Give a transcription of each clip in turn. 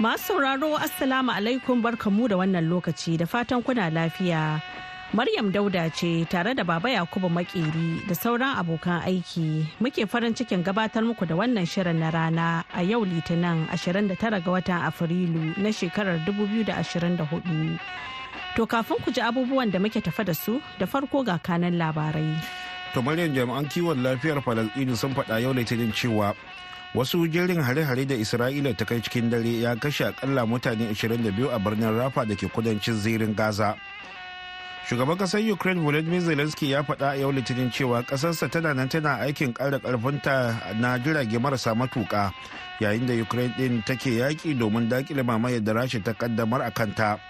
Masu sauraro Assalamu alaikum barkamu da wannan lokaci da fatan kuna lafiya. Maryam Dauda ce tare da Baba Yakubu Makeri da sauran abokan aiki muke farin cikin gabatar muku da wannan shirin na rana a yau Litinin 29 ga watan Afrilu na shekarar 2024. To kafin ku ji abubuwan da muke tafa da su da farko ga kanan labarai. To Maryam jami'an kiwon lafiyar Falasɗinu sun faɗa yau Litinin cewa wasu jerin hare-hare da isra'ila ta kai cikin dare ya kashe akalla mutane 22 a birnin rafa da ke kudancin zirin gaza shugaban kasar ukraine volodymyr zelensky ya faɗa a yau litinin cewa ƙasarsa tana nan tana aikin ƙara ƙarfinta na jirage marasa matuƙa yayin da ukraine ɗin take yaƙi domin daƙile mamayar da rasha ta ƙaddamar a kanta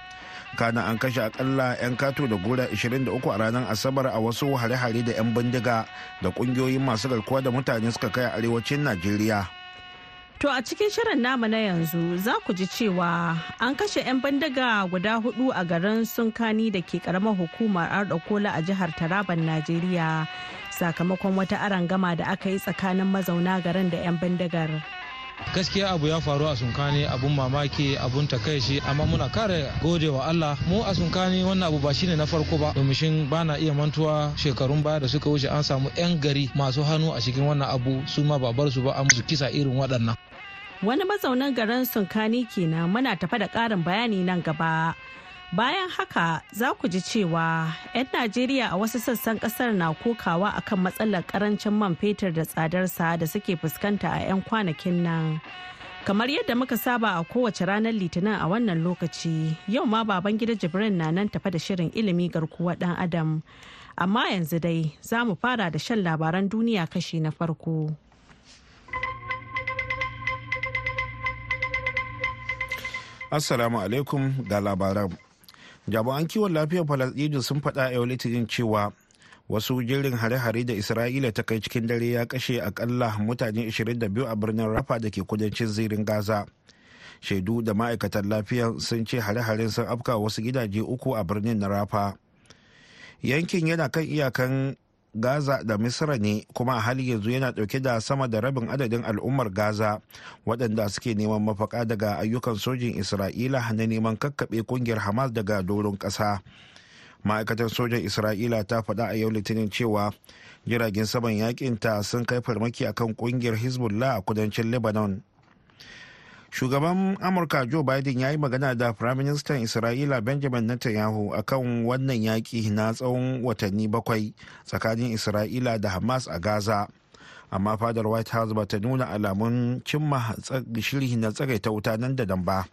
kana an kashe akalla 'yan kato da gora 23 a ranar asabar a wasu hare-hare da 'yan bindiga da kungiyoyin masu garkuwa da mutane suka kai a arewacin najeriya to a cikin shirin namu na yanzu za ku ji cewa an kashe 'yan bindiga guda hudu a garin sunkani da ke karamar hukumar ardakola a jihar taraban najeriya sakamakon wata arangama da aka yi tsakanin mazauna garin da 'yan bindigar. gaskiya abu ya faru a sunkani abun mamaki abun takaici amma muna kare gode wa Allah mu a sunkani wannan abu ba shine na farko ba domin bana iya mantuwa shekarun baya da suka wuce an samu yan gari masu hannu a cikin wannan abu su ma babar su ba an musu kisa irin waɗannan wani mazaunan garin sunkani kenan muna tafa da ƙarin bayani nan gaba Bayan haka za ku ji cewa 'yan Najeriya a wasu sassan kasar na kokawa akan matsalar karancin man fetur da tsadarsa da suke fuskanta a 'yan kwanakin nan. Kamar yadda muka saba a kowace ranar Litinin a wannan lokaci, yau ma baban gida Jibrin na nan tafa da shirin ilimi garkuwa ɗan Adam. Amma yanzu dai za mu fara da shan labaran duniya kashi na farko. Assalamu alaikum ga labaran. jami'an kiwon lafiyar falasɗinu sun faɗa a yau litinin cewa wasu jirin hare-hare da isra'ila ta kai cikin dare ya kashe akalla mutane 22 a birnin rafa da ke kudancin zirin gaza shaidu da ma'aikatan lafiya sun ce hare-haren sun afka wasu gidaje uku a birnin na rafa yankin yana kan iyakan gaza da misra ne kuma a hali yanzu yana dauke da sama da rabin adadin al'ummar gaza waɗanda suke neman mafaka daga ayyukan sojin isra'ila na neman kakkaɓe kungiyar hamas daga doron ƙasa ma'aikatar sojan isra'ila ta faɗa a yau litinin cewa jiragen saman yakin ta sun kai farmaki akan kungiyar hezbollah a kudancin lebanon shugaban amurka joe biden ya yi magana da firaministan isra'ila benjamin netanyahu a kan wannan yaƙi na tsawon watanni bakwai tsakanin isra'ila da hamas a gaza amma fadar white house ba ta nuna alamun cimma shirhi na ta wuta nan da nan ba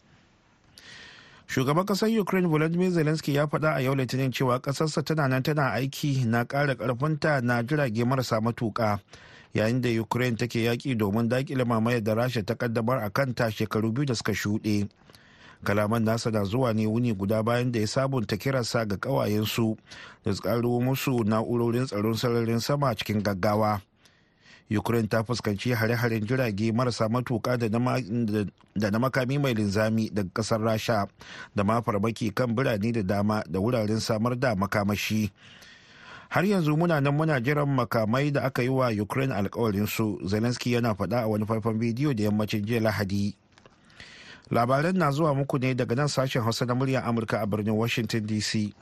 shugaban kasar ukraine volodymyr zelensky ya faɗa a yau litinin cewa ƙasarsa tana nan tana aiki na ƙara ƙarfinta na jirage marasa matuƙa yayin da ukraine take yaƙi domin dakile mamayar da rasha ta kaddamar a kanta shekaru biyu da suka shuɗe kalaman nasa na zuwa ne wuni guda bayan da ya sabunta kirarsa ga ƙawayensu da tsaro musu na'urorin tsaron sararin sama cikin gaggawa ukraine ta fuskanci hare-haren jirage marasa matuka da na makami mai linzami daga kasar rasha da ma farmaki kan birane da dama da wuraren samar da makamashi. har yanzu muna nan muna jiran makamai da aka yi wa ukraine su zelensky yana faɗa a wani faifan bidiyo da yammacin jiya lahadi labaran na zuwa muku ne daga nan sashen hausa na muryar amurka a birnin washington dc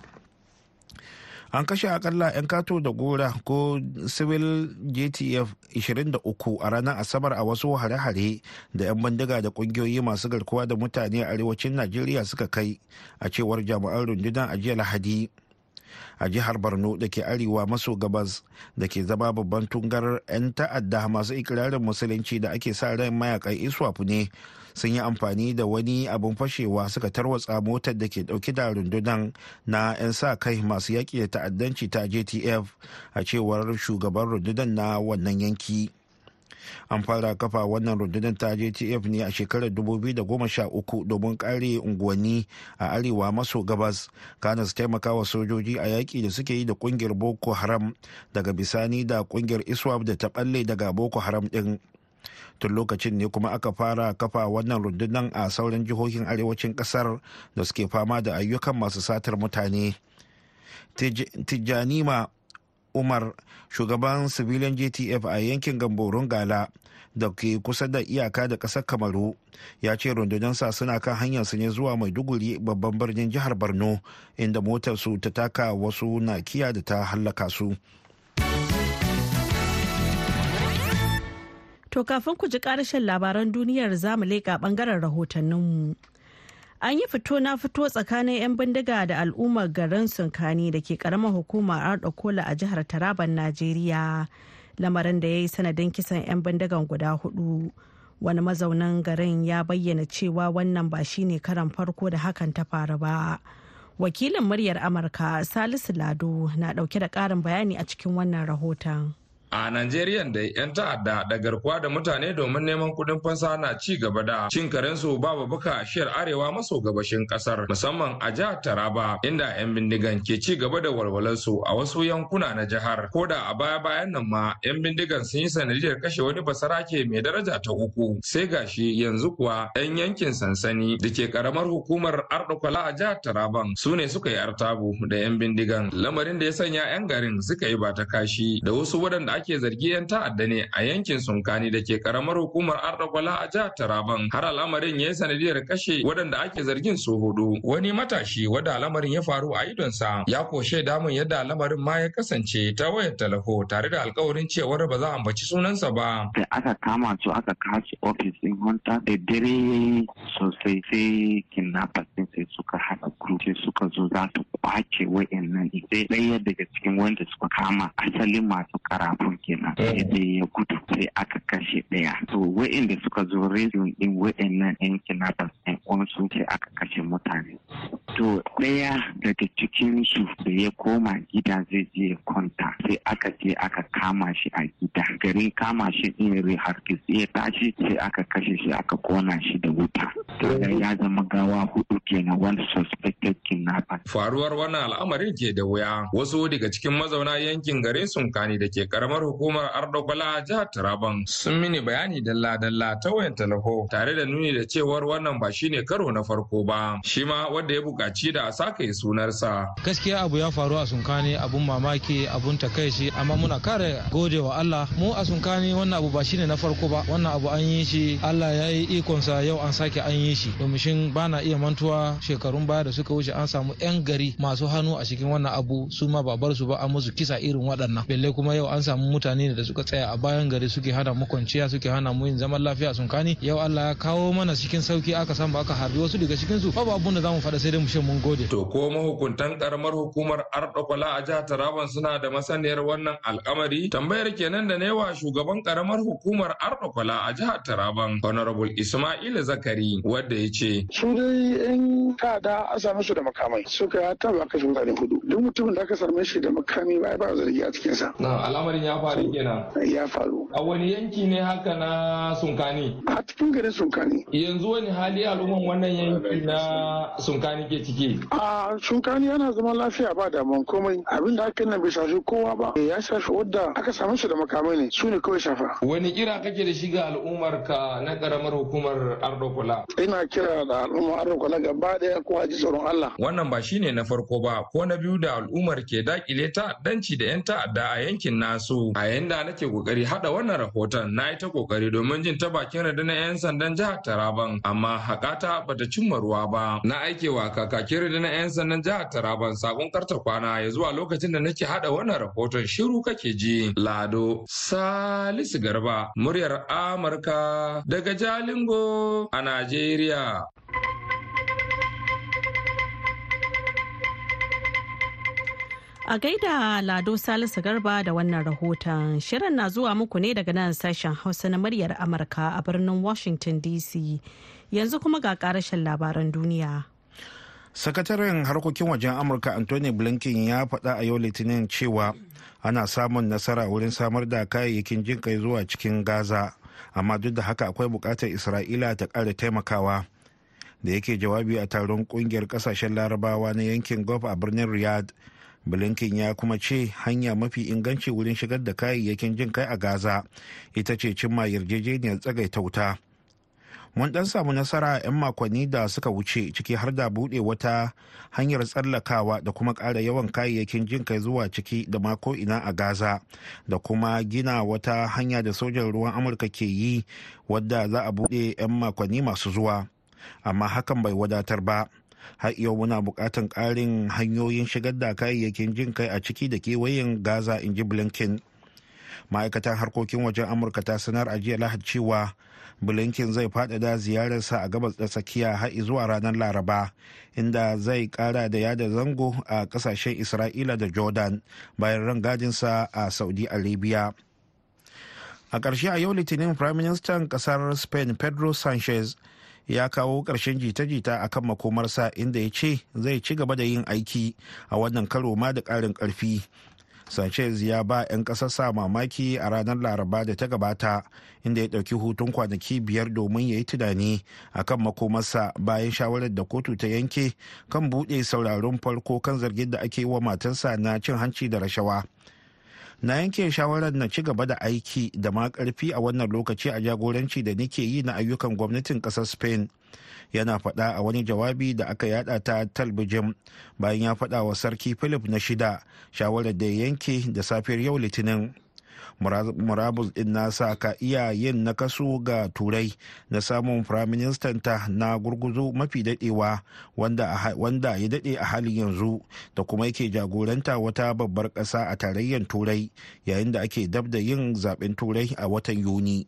an kashe akalla 'yan kato da gora ko civil gtf 23 a ranar asabar a wasu hare-hare da 'yan bindiga da kungiyoyi masu garkuwa da mutane a arewacin najeriya suka kai a cewar jami'an rundunar ajiyar lahadi. lahadi a jihar borno da ke arewa maso gabas da ke zama babban tungarar 'yan ta'adda masu ikirarin musulunci da ake sa ran mayakan iswap ne sun yi amfani da wani abin fashewa suka tarwatsa motar da ke dauki da rundunan na 'yan sa kai masu yaƙi da ta'addanci ta jtf a cewar shugaban rundunan na wannan yanki. an fara kafa wannan rundunar ta jtf ne a shekarar 2013 domin kare unguwanni a arewa maso gabas kana su taimaka wa sojoji a yaƙi da suke yi da ƙungiyar boko haram daga bisani da ƙungiyar iswap da ta ɓalle daga boko haram ɗin tun lokacin ne kuma aka fara kafa wannan rundunar a sauran jihohin arewacin kasar da suke fama da ayyukan masu satar mutane tijanima umar shugaban civilian gtf a yankin gamborun gala da ke kusa da iyaka da kasar kamaru ya ce rundunansa suna kan hanyarsu ne zuwa maiduguri babban birnin jihar borno inda motarsu ta taka wasu na nakiya da ta hallaka su to kafin ku ji ƙarashin labaran duniyar zamu leƙa ɓangaren rahotanninmu. an yi fito na fito tsakanin 'yan bindiga da al'ummar garin sunkani da ke karamar hukumar arda kola a jihar taraban najeriya lamarin da ya yi sanadin kisan 'yan bindigan guda hudu wani mazaunin garin ya bayyana cewa wannan ba shine karan farko da hakan ta faru ba wakilin muryar amurka salisu lado na dauke da karin bayani a cikin wannan rahoton a Najeriya da 'yan ta'adda da garkuwa da mutane domin neman kuɗin fansa na ci gaba da cin karensu babu baka a shiyar arewa maso gabashin ƙasar musamman a jihar Taraba inda 'yan bindigan ke ci gaba da walwalarsu a wasu yankuna na jihar ko da a baya bayan nan ma 'yan bindigan sun yi sanadiyar kashe wani basarake mai daraja ta uku sai gashi yanzu kuwa 'yan yankin sansani da ke karamar hukumar Ardokwala a jihar Taraban su ne suka yi artabu da 'yan bindigan lamarin da ya sanya 'yan garin suka yi ba ta kashi da wasu waɗanda ake ake zargi 'yan ta'adda ne a yankin Sunkani da ke karamar hukumar ardagwala a jihar Taraban har al'amarin ya yi sanadiyar kashe waɗanda ake zargin su hudu. Wani matashi wadda al'amarin ya faru a idonsa ya koshe damun yadda al'amarin ma ya kasance ta wayar talako tare da alkawarin cewar ba za a ambaci sunansa ba. Da aka kama su aka kashe ofis ɗin hunta da dare sosai sai kidnappers din sai suka haɗa group sai suka zo za su kwace wa'annan sai ɗaya daga cikin wanda suka kama asalin masu karama. farko kenan eh. sai ya gudu sai aka kashe ɗaya to wa'inda suka zo rediyon ɗin wa'annan yan kidnappers ɗin kuma sun ce aka kashe mutane to ɗaya daga cikin su da ya koma gida zai je ya kwanta sai aka je aka kama shi a gida garin kama shi din reharkis ya tashi sai aka kashe shi aka kona shi da wuta daga ya zama gawa hudu kenan wani suspected kidnapper faruwar wannan al'amarin ke da wuya wasu daga cikin mazauna yankin garin sunkani da ke karamar hukumar ardogola jihar taraban sun mini bayani dalla-dalla ta wayan talako tare da nuni da cewar wannan ba shine shine karo na farko ba shi ma wanda ya buƙaci da a sake sunarsa gaskiya abu ya faru a sunkani abun mamaki abun takaici amma muna kare gode wa Allah mu a sunkani wannan abu ba shine na farko ba wannan abu an yi shi Allah ya yi ikonsa yau an sake an yi shi domin ba na iya mantuwa shekarun baya da suka wuce an samu yan gari masu hannu a cikin wannan abu su ma babar su ba an musu kisa irin waɗannan belle kuma yau an samu mutane da suka tsaya a bayan gari suke hana mu kwanciya suke hana mu yin zaman lafiya sunkani yau Allah ya kawo mana cikin sauki aka san ba aka harbi wasu daga cikin su babu abun da zamu faɗa sai dai mu ce mun gode to ko mahukuntan karamar hukumar Ardokola a jihar Taraban suna da masaniyar wannan al'amari tambayar kenan da newa shugaban karamar hukumar Ardokola a jihar Taraban Honorable Ismail Zakari wanda ya ce su dai yan kada a samu su da makamai suka taba shi mutane hudu duk mutumin da aka same shi da makami ba ba zargi a cikin sa na al'amarin ya faru kenan ya faru a wani yanki ne haka na Sunkani a cikin garin Sunkani yanzu wani hali al'umma al'umman wannan yanki na sunkani ke ciki? A sunkani yana zama lafiya ba damuwan komai abin da aka nan bai shafi kowa ba eh, ya shafi wadda aka same su da makamai ne su ne kawai shafa. Wani kira kake da shi ga al'ummar ka na karamar hukumar Ardokola? Ina kira da al'ummar Ardokola gaba daya kowa ji tsoron Allah. Wannan ba shine na farko ba ko na biyu da al'ummar ke dakile ta'addanci da 'yan ta'adda a yankin nasu. A yanda nake kokari hada wannan rahoton na yi ta kokari domin jin ta bakin rundunar 'yan sandan jihar Taraban amma haƙata ta bata cimma ruwa ba na aikewa kakakin na 'yan sannan jihar taraban sabon karta kwana ya zuwa lokacin da nake hada wannan rahoton shiru kake ji lado salisu garba muryar amurka daga jalingo a najeriya A gaida Lado Salisu Garba da wannan rahoton shirin na zuwa muku ne daga nan sashen Hausa na muryar Amurka a birnin Washington DC. yanzu kuma ga karashen labaran duniya sakataren harkokin wajen amurka anthony blinken ya faɗa a yau litinin cewa ana samun nasara wurin samar da kayayyakin jin kai zuwa cikin gaza amma duk da haka akwai buƙatar isra'ila ta ƙara taimakawa da yake jawabi a taron ƙungiyar ƙasashen larabawa na yankin gulf a birnin riyadh blinken ya kuma ce hanya mafi inganci wurin shigar da kayayyakin jin kai a gaza ita ce cimma yarjejeniyar wuta. mun dan samu nasara a 'yan makonni da suka wuce ciki har da buɗe wata hanyar tsallakawa da kuma ƙara yawan kayayyakin jin kai zuwa ciki da mako ina a gaza da kuma gina wata hanya da sojan ruwan amurka ke yi wadda za a buɗe 'yan makonni masu zuwa amma hakan bai wadatar ba har iya muna buƙatar ƙarin hanyoyin shigar da kayayyakin jin kai a ciki da kewayen gaza in ji blinken ma'aikatan harkokin wajen amurka ta sanar a jiya lahad cewa blinken zai faɗaɗa ziyararsa a gabas da tsakiya har zuwa ranar laraba inda zai ƙara da yada zango a ƙasashen isra'ila da jordan bayan rangajinsa a saudi arabia a ƙarshe a yau litinin prime minister ƙasar spain pedro sanchez ya kawo ƙarshen jita-jita a kan makomarsa inda ya ce zai ci gaba da yin aiki a wannan karo ma da ƙarin ƙarfi sanchez ya ba 'yan ƙasarsa mamaki a ranar laraba da ta gabata inda ya ɗauki hutun kwanaki biyar domin ya yi tunani a kan makomarsa bayan shawarar da kotu ta yanke kan buɗe sauraron farko kan zargin da ake yi wa matarsa na cin hanci da rashawa na yanke shawarar na ci gaba da aiki da ma karfi a wannan lokaci a jagoranci da nike yi na ayyukan gwamnatin ƙasar spain yana faɗa a wani jawabi da aka yada ta talbijin bayan ya faɗa wa sarki philip na shida shawarar da yanke da safiyar yau litinin murabus din nasa ka iya yin nakasu ga turai na samun firaministan ta na gurguzo mafi dadewa wanda ya dade a halin yanzu da kuma yake jagoranta wata babbar kasa a tarayyar turai yayin da ake dab da yin zaben turai a watan yuni.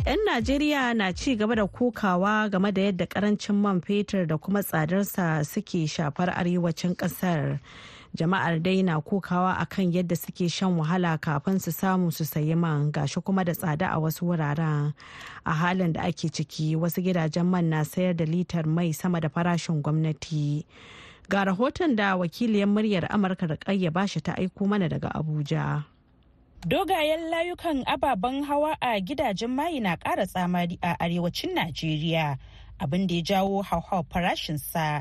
'Yan Najeriya na ci gaba da kokawa game da yadda karancin man fetur da kuma tsadarsa suke shafar arewacin ƙasar Jama'ar dai na kokawa akan yadda suke shan wahala kafin su samu su sayi man gashi kuma da tsada a wasu wuraren. A halin da ake ciki wasu gidajen man na sayar da litar mai sama da farashin gwamnati. Ga rahoton da wakiliyar muryar Amurka da ba shi ta aiko mana daga Abuja. Dogayen layukan ababen hawa a gidajen mayi na kara tsamari a arewacin Najeriya abin da ya jawo farashin sa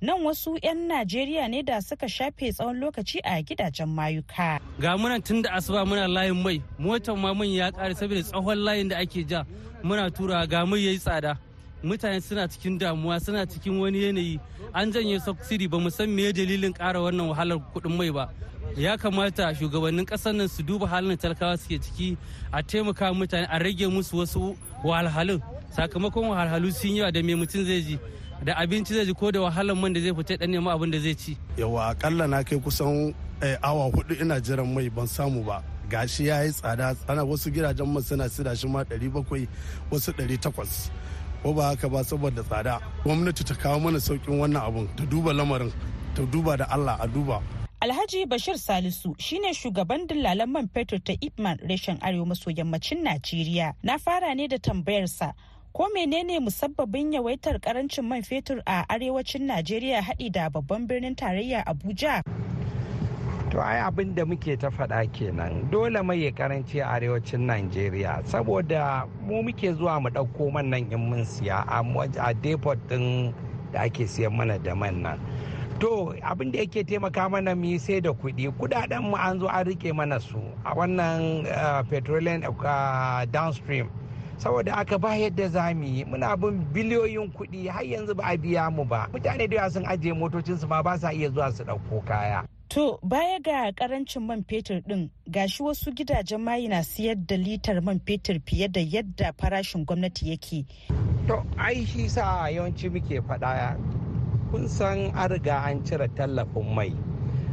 Nan wasu 'yan Najeriya ne da suka shafe tsawon lokaci a gidajen mayuka. Ga muna tun da asuba muna layin mai, motar ma ya ƙare saboda tsawon layin da ake ja muna tura ga mai yayi tsada. Mutane suna cikin damuwa suna cikin wani yanayi an janye subsidy ba mu san me dalilin kara wannan wahalar kuɗin mai ba. ya kamata shugabannin ƙasar nan su duba halin talakawa suke ciki a taimaka mutane a rage musu wasu wahalhalun sakamakon wahalhalu sun yawa da me mutum zai ji da abinci zai ji ko da wahalar man da zai fita dan nema abin da zai ci yawa akalla na kai kusan eh, awa hudu ina jiran mai ban samu ba gashi ya yi tsada ana wasu gidajen mu suna sida shi ma 700 wasu 800 ko ba haka ba saboda tsada gwamnati ta kawo mana saukin wannan abun ta duba lamarin ta duba da allah a duba Alhaji Bashir Salisu shine shugaban dillalan man fetur ta Ipman reshen Arewa maso yammacin Najeriya. Na fara ne da tambayarsa ko menene musabbabin yawaitar karancin man fetur a arewacin Najeriya haɗi da babban birnin tarayya Abuja. To ai abin da muke ta faɗa kenan dole mai karanci a arewacin Najeriya saboda mu muke zuwa mu ɗauko man nan in mun siya a depot ɗin da ake siyan mana da man nan. to abin da yake taimaka mana mu sai da kuɗi kuɗaɗen mu an zo an rike mana su a wannan eh, petroleum eh, downstream saboda aka ba yadda za mu yi muna bin biliyoyin kuɗi har yanzu ba a biya mu ba mutane da sun ajiye motocinsu ma ba sa iya zuwa su ɗauko kaya To baya ga karancin man fetur din gashi wasu gidajen mayi na siyar da litar man fetur fiye da yadda farashin gwamnati yake. To ai shi sa yawanci muke faɗa kun san an riga an cire tallafin mai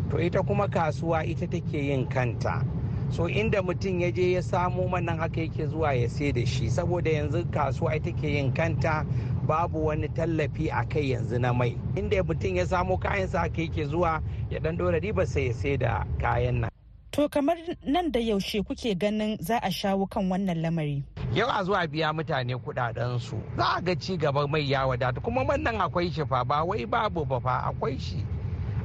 to ita kuma kasuwa ita take yin kanta so inda mutum ya je ya samo manan haka yake zuwa ya sai da shi saboda yanzu kasuwa ita ke yin kanta babu wani tallafi a kai yanzu na mai inda mutum ya samo kayansa haka yake zuwa ya dan dora riba sai ya sai da kayan nan To kamar nan da yaushe kuke ganin za a shawo kan wannan lamari. Yau a zuwa biya mutane kudadensu za a ga ci gaba mai ya wadata kuma man nan akwai shi fa ba wai babu ba fa akwai shi.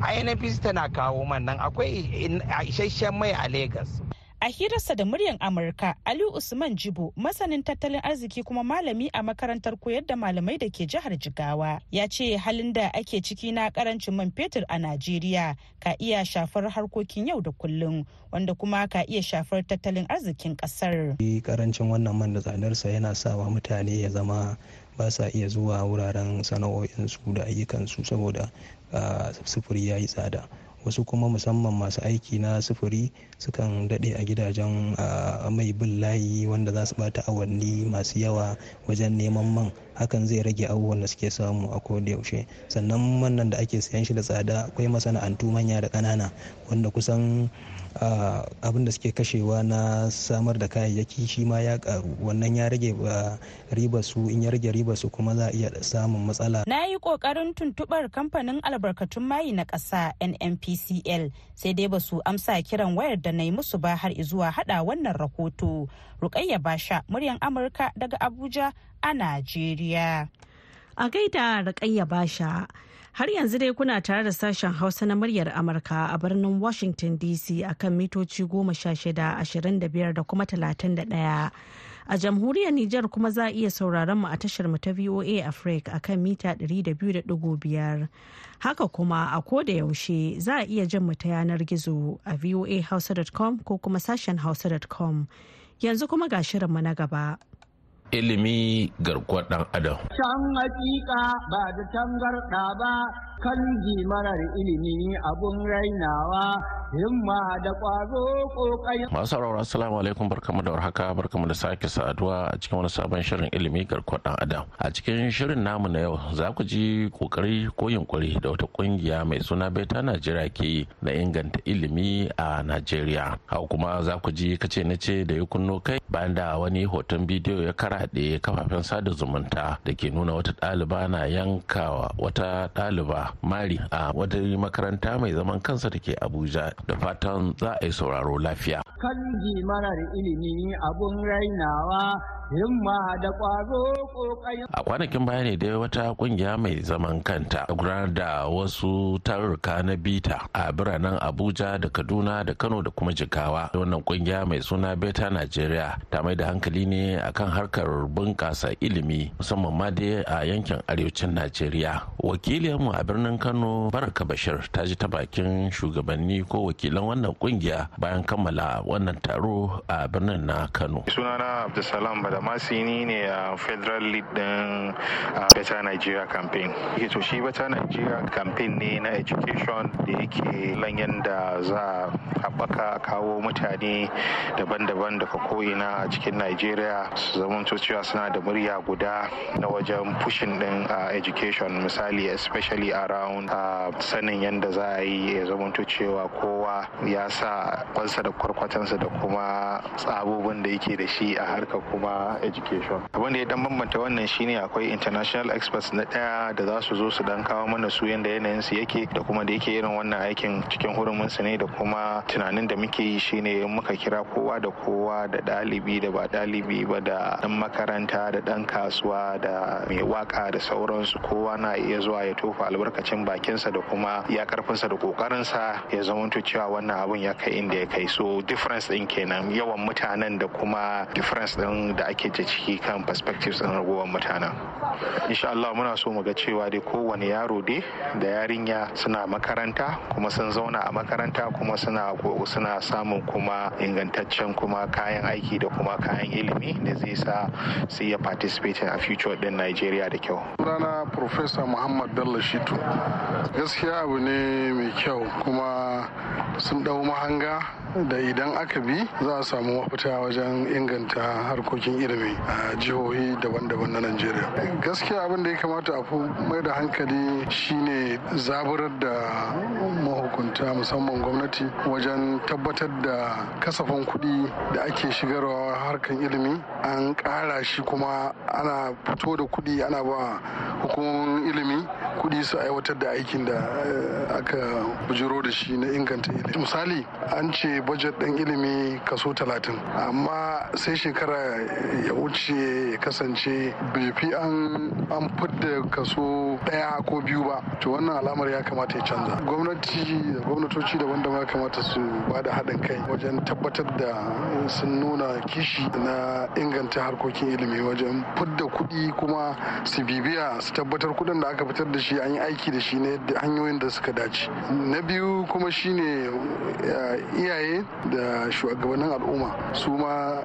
a INPC tana kawo man nan akwai isasshen mai a Legas. A hirarsa da muryar Amurka, Ali Usman Jibo, masanin tattalin arziki kuma malami a makarantar koyar da malamai da ke jihar Jigawa, ya ce halin da ake ciki na karancin man fetur a Najeriya ka iya shafar harkokin yau da kullum, wanda kuma ka iya shafar tattalin arzikin kasar. Karancin wannan man da tsadarsa yana sawa mutane ya zama ba sa iya zuwa wuraren sana'o'insu da ayyukansu saboda ah, sufuri ya yi tsada. Wasu kuma musamman masu aiki na sufuri sukan daɗe a gidajen mai bin layi wanda za su bata awanni masu yawa wajen neman man hakan zai rage abubuwan da suke samu a koda yaushe sannan man da ake sayan shi da tsada akwai masana'antu manya da ƙanana wanda kusan abin da suke kashewa na samar da kayayyaki shi ma ya karu wannan ya rage riba su in ya rage riba su kuma za a iya samun matsala na yi kokarin tuntubar kamfanin albarkatun mayi na ƙasa nnpcl sai dai ba su amsa kiran wayar da na yi musu ba har zuwa hada wannan rahoto. Rukayya Basha muryan Amurka daga Abuja a nigeria. A gaida Rukayya Basha. Har yanzu dai kuna tare da sashen Hausa na muryar Amurka a birnin Washington DC akan mitoci goma sha shida ashirin da biyar da kuma talatin da ɗaya. A jamhuriyar Nijar kuma za a iya sauraron mu a tashar mu ta VOA Africa a kan mita 200.5. Haka kuma a ko da yaushe za a iya jin mu ta yanar gizo a voahausa.com ko kuma sashen hausa.com. Yanzu kuma ga shirinmu na gaba. Ilimi garkuwar ɗan adam. Can hakika ba da tangarɗa ba kan marar ilimi abun rainawa himma da ƙwazo Masu sauraro assalamu alaikum barkamu da warhaka barkamu da sake saduwa a cikin wani sabon shirin ilimi garkuwar ɗan adam. A cikin shirin namu na yau za ku ji kokari ko yunƙuri da wata kungiya mai suna Beta Najeriya ke na inganta ilimi a Najeriya. Hau kuma za ku ji kace na ce da ya kunno kai bayan da wani hoton bidiyo ya karaɗe kafafen sada zumunta da ke nuna wata ɗaliba na yankawa wata ɗaliba mari a wata makaranta mai zaman kansa da ke Abuja da fatan za a yi sauraro lafiya. Kanji marar ilimi abun rainawa himma da ƙwazo ƙoƙarin. A kwanakin baya ne dai wata ƙungiya mai zaman kanta a gudanar da wasu tarurruka na bita a biranen Abuja da Kaduna da Kano da kuma Jigawa. Wannan ƙungiya mai suna Beta Najeriya ta mai da hankali ne akan harkar bunƙasa ilimi musamman ma dai a yankin arewacin Najeriya. Wakiliyarmu a birnin Kano Baraka Bashir ta ji ta bakin shugabanni ko wakilan wannan kungiya bayan kammala wannan taro a birnin na kano sunana abdulsalam badamasi ni ne a federal lead din better nigeria campaign yake eh, to shi better nigeria campaign ne na education da yake lanyan da za a haɓaka kawo mutane daban-daban daga ko'ina a cikin nigeria su zama cewa suna da murya guda na wajen pushing din education misali especially around sanin yadda za a yi ya zama cewa ko kowa ya sa kwansa da kwarkwatansa da kuma tsabobin da yake da shi a harka kuma education abin ya dan bambanta wannan shine akwai international experts na daya da za su zo su dan kawo mana su yanda yanayin su yake da kuma da yake irin wannan aikin cikin hurumin su ne da kuma tunanin da muke yi shine muka kira kowa da kowa da ɗalibi da ba ɗalibi ba da dan makaranta da dan kasuwa da mai waka da sauransu kowa na iya zuwa ya tofa albarkacin bakinsa da kuma ya karfinsa da kokarinsa ya zamanto cewa wannan abun ya kai inda ya kai so difference din kenan yawan mutanen da kuma difference din da ake ta ciki kan perspectives din ragowar mutanen insha Allah muna so mu ga cewa dai kowane yaro dai da yarinya suna makaranta kuma sun zauna a makaranta kuma suna suna samun kuma ingantaccen kuma kayan aiki da kuma kayan ilimi da zai sa su iya participating a future din Nigeria da kyau. Sunana Professor Muhammad Bello Shitu. Gaskiya abu ne mai kyau kuma sun dau mahanga da idan aka bi za a samu mafita wajen inganta harkokin ilimi a jihohi daban-daban na najeriya gaskiya abin da ya kamata a fi mai da hankali shine zaburar da mahukunta musamman gwamnati wajen tabbatar da kasafin kuɗi da ake shigarwa harkan ilimi an ƙara shi kuma ana fito da kuɗi ana ba hukumomin ilimi kuɗi su aiwatar da aikin da eh, aka bujiro da shi na inganta ta ilimi misali an ce budget ɗin ilimi kaso talatin amma sai shekara ya wuce ya kasance bai fi an fidda kaso ɗaya ko biyu ba to wannan alamar ya kamata ya canza gwamnati da gwamnatoci daban daban ya kamata su ba da haɗin kai wajen tabbatar da sun nuna kishi na inganta harkokin ilimi wajen fidda kuɗi kuma su bibiya su tabbatar kuɗin da aka fitar da shi an yi aiki da shi ne hanyoyin da suka dace na biyu kuma shine ne eh, iyaye da shugabannin al'umma su ma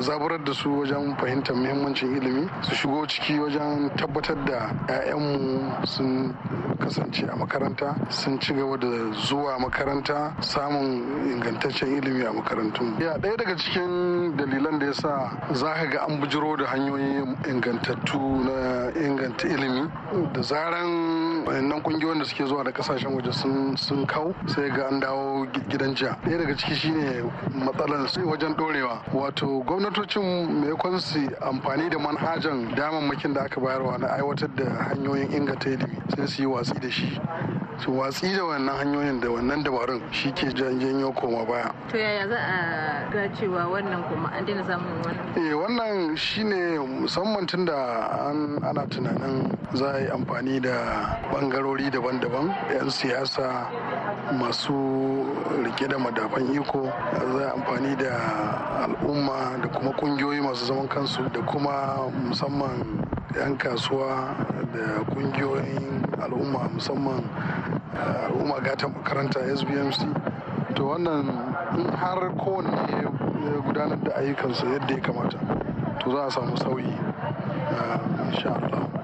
zaburar da su wajen fahimtar muhimmancin ilimi su shigo ciki wajen tabbatar da 'ya'yanmu sun kasance a makaranta sun ci gaba da zuwa makaranta samun ingantaccen ilimi a makarantun ya ɗaya daga cikin dalilan da ya sa za ka ga an bujiro da hanyoyin ingantattu na inganta ilimi da zaran wayannan kungiyoyin da suke zuwa da kasashen waje sun kawo sai ga an dawo gidan jiya ɗaya daga ciki shine matsalar su wajen dorewa wato gwamnatocin maimakon su amfani da manhajan damammakin da aka bayarwa na aiwatar da hanyoyin inganta ilimi sai su yi watsi da shi su watsi da wannan hanyoyin da wannan dabarun shi ke janyo koma baya. To yaya za a ga cewa wannan kuma an daina samun wannan? Eh wannan shine musamman tun da ana tunanin za a yi amfani da bangarori daban-daban 'yan siyasa masu rike da madafan iko za a amfani da al'umma da kuma kungiyoyi masu zaman kansu da kuma musamman 'yan kasuwa da kungiyoyin al'umma musamman eh, al'umma gata makaranta sbmc to wannan in har kowanne ya gudanar da ayyukansa yadda ya kamata to za a samu sauyi eh, insha Allah.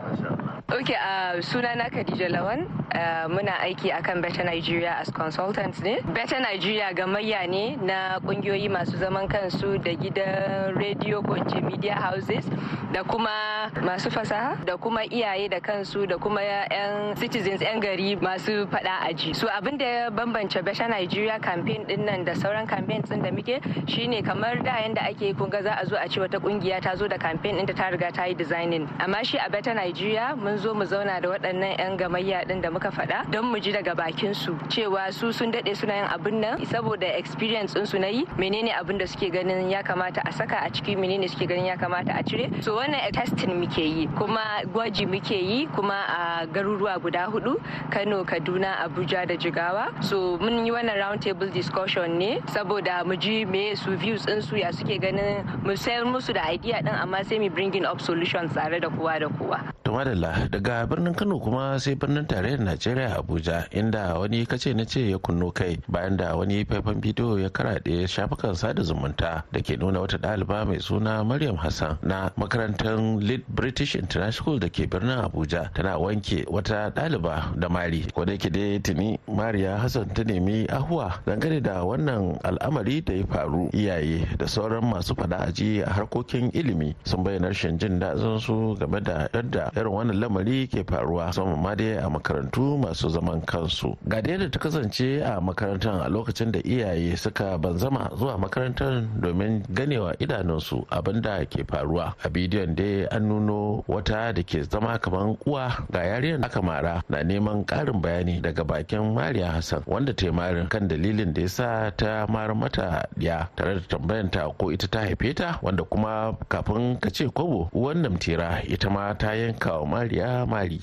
ok uh, na khadija lawan uh, muna aiki akan better nigeria as consultant ne better nigeria gamayya ne na kungiyoyi masu zaman kansu da gidan radio ko media houses da kuma masu fasaha da kuma iyaye da kansu da kuma 'yan citizens 'yan gari masu fada aji so abin da ya bambance better nigeria campaign din nan da sauran campaigns din da muke shine kamar da yanda ake kunga za a zo a ce wata kungiya ta zo da campaign din ta riga ta yi designing amma shi a better nigeria mun zo mu zauna da waɗannan 'yan gamayya ɗin da muka faɗa don mu ji daga bakin su cewa su sun daɗe suna yin abin nan saboda experience ɗinsu na yi menene abin da suke ganin ya kamata a saka a ciki menene suke ganin ya kamata a cire so wannan testing muke yi kuma gwaji muke yi kuma a garuruwa guda hudu kano kaduna abuja da jigawa so mun yi wannan round table discussion ne saboda mu ji me su views su ya suke ganin mu sayar musu da idea ɗin amma sai mu bringing up solutions tare da kowa da kowa. Tumadala. daga birnin kano kuma sai birnin tarayyar najeriya abuja inda wani kace na ce ya kunno kai bayan da wani faifan bidiyo ya karaɗe shafukan sada zumunta da ke nuna wata ɗaliba mai suna maryam hassan na makarantar lead british international school da ke birnin abuja tana wanke wata ɗaliba da mari wadda da dai tuni mariya hassan ta nemi ahuwa dangane da wannan al'amari da ya faru iyaye da sauran masu fada a harkokin ilimi sun bayyana rashin jin daɗin su game da yadda irin wannan lamarin al'amari ke faruwa musamman ma dai a makarantu masu zaman kansu ga da ta kasance a makarantar a lokacin da iyaye suka banzama zuwa makarantar domin ganewa idanunsu da ke faruwa a bidiyon dai an nuno wata da ke zama kamar uwa ga yariyar aka mara na neman karin bayani daga bakin mariya hassan wanda ta marin kan dalilin da ya sa ta mara mata ya tare da tambayanta ko ita ta haife ta wanda kuma kafin ka ce kobo uwan namtira ita ma ta yanka wa mariya ya mari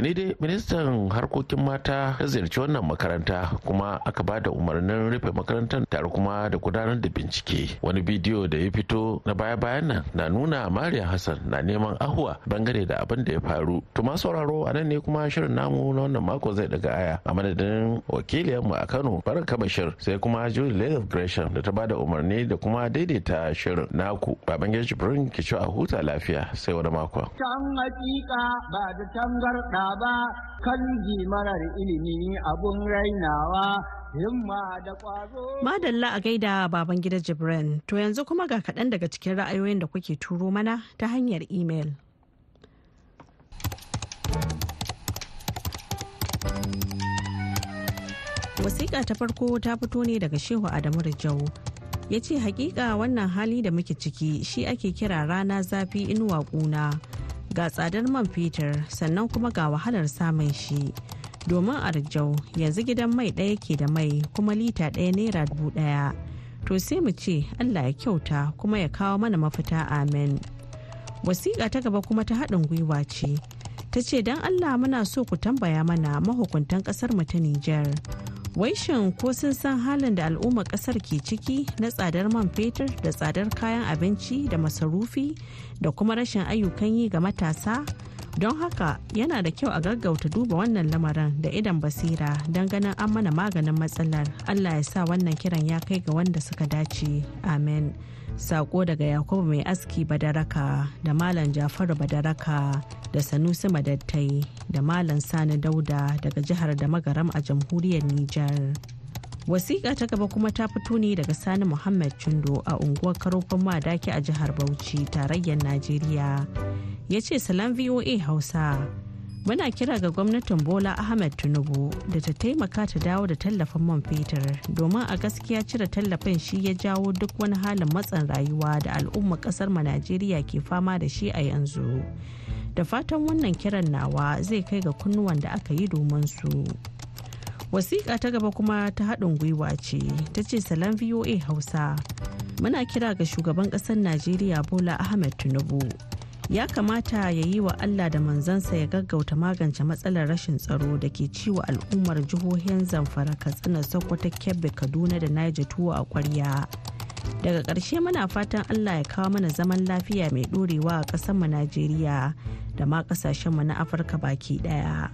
Tuni dai ministan harkokin mata ta ziyarci wannan makaranta kuma aka ba da umarnin rufe makarantar tare kuma da gudanar da bincike. Wani bidiyo da ya fito na baya-bayan nan na nuna Mariya Hassan na neman ahuwa bangare da abin da ya faru. Tuma sauraro a nan ne kuma shirin namu na wannan mako zai daga aya a madadin wakiliyarmu a Kano Baraka Bashir sai kuma Julie Lelov Gresham da ta ba da umarni da kuma daidaita shirin naku Babangida Jibrin kicho a huta lafiya sai wani mako. Can ba da tangarɗa ba kalji marar ilimi abun rainawa himma da kwazo. Madalla a gaida baban gida Jibrin, to yanzu kuma ga kaɗan daga cikin ra'ayoyin da kuke turo mana ta hanyar imel. Wasiƙa ta farko ta fito ne daga Shehu Adamu Rijau. Ya ce hakika wannan hali da muke ciki shi ake kira rana zafi inuwa ƙuna. ga tsadar man fetur sannan kuma ga wahalar samun shi domin arjau yanzu gidan mai ɗaya ke da mai kuma lita ɗaya naira dubu ɗaya to sai mu ce allah ya kyauta kuma ya kawo mana mafita amen wasiƙa ta gaba kuma ta haɗin gwiwa ce ta ce don allah muna so ku tambaya mana mahukuntan ƙasar mu ta nijar waishin ko sun san halin da al'ummar kasar ke ciki na tsadar man fetur da tsadar kayan abinci da masarufi da kuma rashin ayyukan yi ga matasa don haka yana da kyau a gaggauta duba wannan lamarin da idan basira don ganin an mana maganin matsalar allah ya sa wannan kiran ya kai ga wanda suka dace amen sako daga yakubu mai aski badaraka da malam jafaru badaraka da sanusi madattai da malam sani dauda daga jihar da magaram a jamhuriyar nijar wasiƙa ta gaba kuma ta fito ne daga sani muhammad chindo a unguwar karofin madaki a jihar bauchi tarayyar najeriya ya ce salam voa hausa muna kira ga gwamnatin bola ahmed tinubu da ta taimaka ta dawo da tallafin man fetur domin a gaskiya cire tallafin shi ya jawo duk wani halin matsin rayuwa da al'ummar kasar ma najeriya ke fama da shi a yanzu da fatan wannan kiran nawa zai kai ga kunnuwan da aka yi domin su wasiƙa ta gaba kuma ta haɗin gwiwa ce ta ce salon voa hausa muna kira ga shugaban ƙasar najeriya bola ahmed tinubu ya kamata ya yi wa allah da manzansa ya gaggauta magance matsalar rashin tsaro da ke ciwo al'ummar jihohin zamfara katsina sokoto kebbi kaduna da niger tuwo a kwarya daga ƙarshe muna fatan allah ya kawo mana zaman lafiya mai ɗorewa a mu najeriya da ma mu na afirka baki ɗaya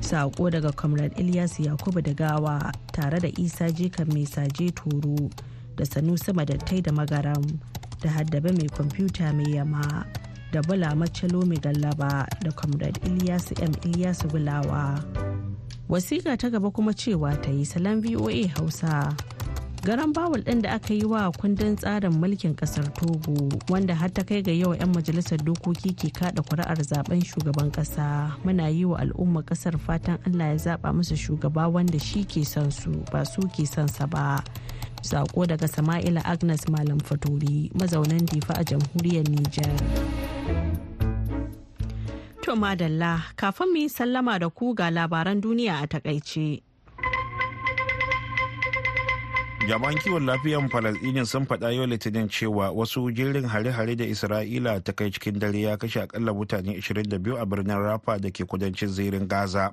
saƙo daga comrade ilyas yakubu da gawa tare da isa jikan mai saje toro da sanusi dattai da magaram da haddabe mai kwamfuta mai yama da bula macalo mai gallaba da comrade ilyasu m ilyasu Gulawa. wasiƙa ta gaba kuma cewa ta yi salon voa hausa garan bawul ɗin da aka yi wa kundin tsarin mulkin ƙasar togo wanda har ta kai ga yau 'yan majalisar dokoki ke kada kuri'ar zaben shugaban ƙasa muna yi wa al'umma ƙasar fatan allah ya zaba musu shugaba wanda shi ke son su ba su ke son sa ba sako daga sama'ila agnes malam fatori mazaunan difa a jamhuriyar niger to madalla kafin mu yi sallama da ku ga labaran duniya a takaice jami'an kiwon lafiyan falasdini sun faɗa yau litinin cewa wasu jirgin hare-hare da isra'ila ta kai cikin dare ya kashe akalla mutane 22 a birnin rafa da ke kudancin zirin gaza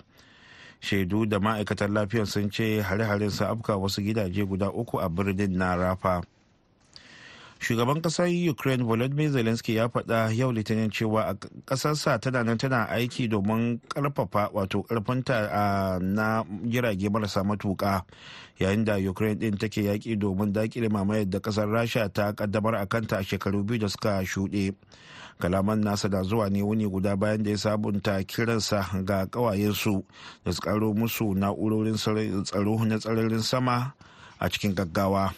shaidu da ma'aikatan lafiyar sun ce hare-haren sun afka wasu gidaje guda uku a birnin na rafa shugaban kasar ukraine volodymyr zelensky ya faɗa yau litinin cewa a ƙasarsa tana nan tana aiki domin ƙarfafa wato ƙarfinta na jirage marasa matuƙa yayin da ukraine ɗin take yaƙi domin daƙile mamayar da ƙasar rasha ta ƙaddamar a kanta a shekaru biyu da suka shuɗe kalaman nasa da zuwa ne wuni guda bayan da ya sabunta kiransa ga ƙawayensu da su ƙaro musu na'urorin tsaro na tsararin sama a cikin gaggawa.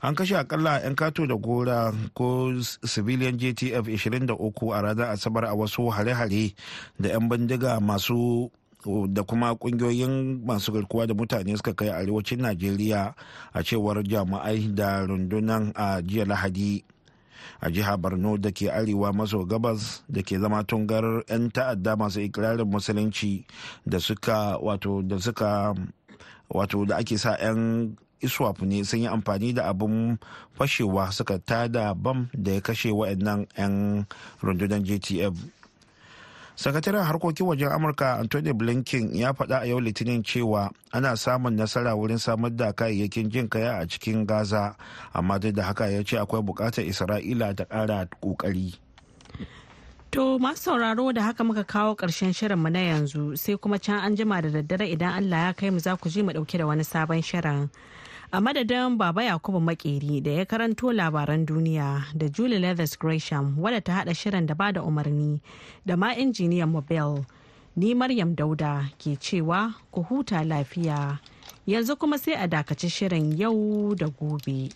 an kashe akalla 'yan kato da gora ko civilian jtf 23 a ranar asabar a wasu hare-hare da 'yan bindiga masu da kuma kungiyoyin masu garkuwa da mutane suka kai arewacin najeriya a cewar jami'ai da rundunan a jiya lahadi a jiha borno da ke arewa maso gabas da ke zama tungar 'yan ta'adda masu ikirarin musulunci da suka wato da ake sa 'yan iswap ne sun yi amfani da abin fashewa suka tada bam da ya kashe wa'annan 'yan rundunar gtf sakataren harkokin wajen amurka anthony blinken ya faɗa a yau litinin cewa ana samun nasara wurin samar da kayayyakin jin kaya a cikin gaza amma duk da haka ya ce akwai buƙatar isra'ila ta kara ƙoƙari to masu sauraro da haka muka kawo ƙarshen mu na yanzu sai kuma can an jima da daddare idan allah ya kai mu za ku ji mu ɗauke da wani sabon shirin a madadin baba yakubu makeri da ya karanto labaran duniya da julie leathers gresham wadda ta hada shirin da ba da umarni da ma injiniyan mobile ni maryam dauda ke cewa ku huta lafiya yanzu kuma sai a dakaci shirin yau da gobe.